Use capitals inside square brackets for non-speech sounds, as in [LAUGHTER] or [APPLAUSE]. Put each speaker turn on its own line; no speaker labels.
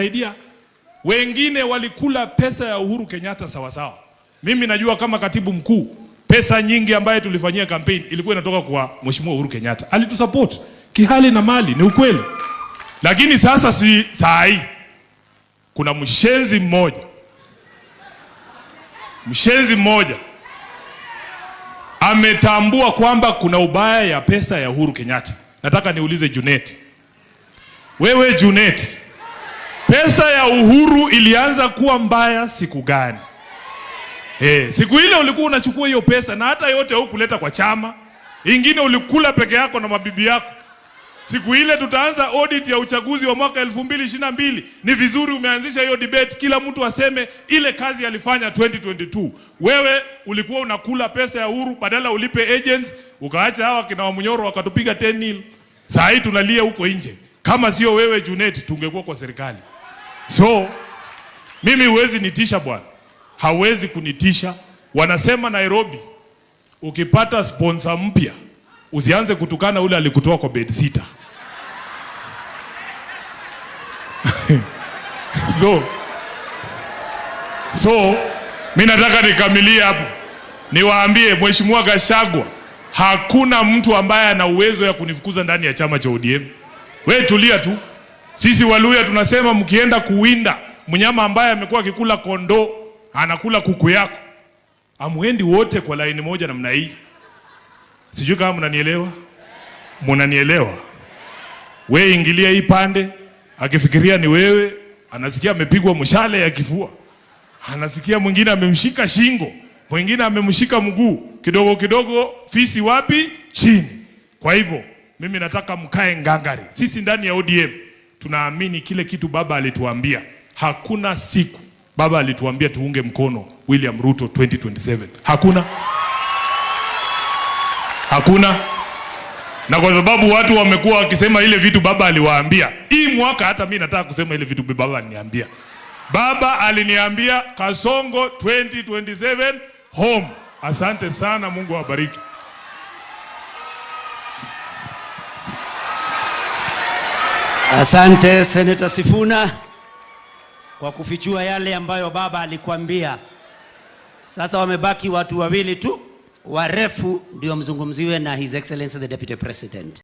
Saidia. Wengine walikula pesa ya Uhuru Kenyatta sawasawa. Mimi najua kama katibu mkuu, pesa nyingi ambayo tulifanyia kampeni ilikuwa inatoka kwa Mheshimiwa Uhuru Kenyatta. Alitusupport kihali na mali, ni ukweli. Lakini sasa si saa hii. Kuna mshenzi mmoja, mshenzi mmoja ametambua kwamba kuna ubaya ya pesa ya Uhuru Kenyatta. Nataka niulize Junet, wewe Junet pesa ya Uhuru ilianza kuwa mbaya siku gani? Hey, eh, siku ile ulikuwa unachukua hiyo pesa na hata yote au kuleta kwa chama, ingine ulikula peke yako na mabibi yako. Siku ile tutaanza audit ya uchaguzi wa mwaka 2022. Ni vizuri umeanzisha hiyo debate, kila mtu aseme ile kazi alifanya 2022. Wewe ulikuwa unakula pesa ya Uhuru badala ulipe agents, ukaacha hawa kina Wamunyoro wakatupiga 10 nil. Sasa hii tunalia huko nje. Kama sio wewe Junet, tungekuwa kwa serikali. So mimi huwezi nitisha bwana, hawezi kunitisha. Wanasema Nairobi, ukipata sponsor mpya usianze kutukana ule alikutoa kwa bed sita. [LAUGHS] So, so mi nataka nikamilie hapo, niwaambie Mheshimiwa Gashagwa, hakuna mtu ambaye ana uwezo ya kunifukuza ndani ya chama cha ODM. We tulia tu. Sisi Waluya tunasema mkienda kuwinda mnyama ambaye amekuwa akikula kondoo anakula kuku yako, amuendi wote kwa laini moja namna hii. Sijui kama mnanielewa, mnanielewa? We ingilia hii pande, akifikiria ni wewe, anasikia amepigwa mshale ya kifua, anasikia mwingine amemshika shingo, mwingine amemshika mguu, kidogo kidogo fisi wapi? Chini. Kwa hivyo mimi nataka mkae ngangari, sisi ndani ya ODM tunaamini kile kitu baba alituambia. Hakuna siku baba alituambia tuunge mkono William Ruto 2027 hakuna, hakuna. Na kwa sababu watu wamekuwa wakisema ile vitu baba aliwaambia, hii mwaka hata mi nataka kusema ile vitu baba aliniambia. Baba aliniambia Kasongo 2027 home. Asante sana, Mungu awabariki.
Asante Seneta Sifuna kwa kufichua yale ambayo baba alikuambia. Sasa wamebaki watu wawili tu warefu ndio mzungumziwe na His Excellency the Deputy President.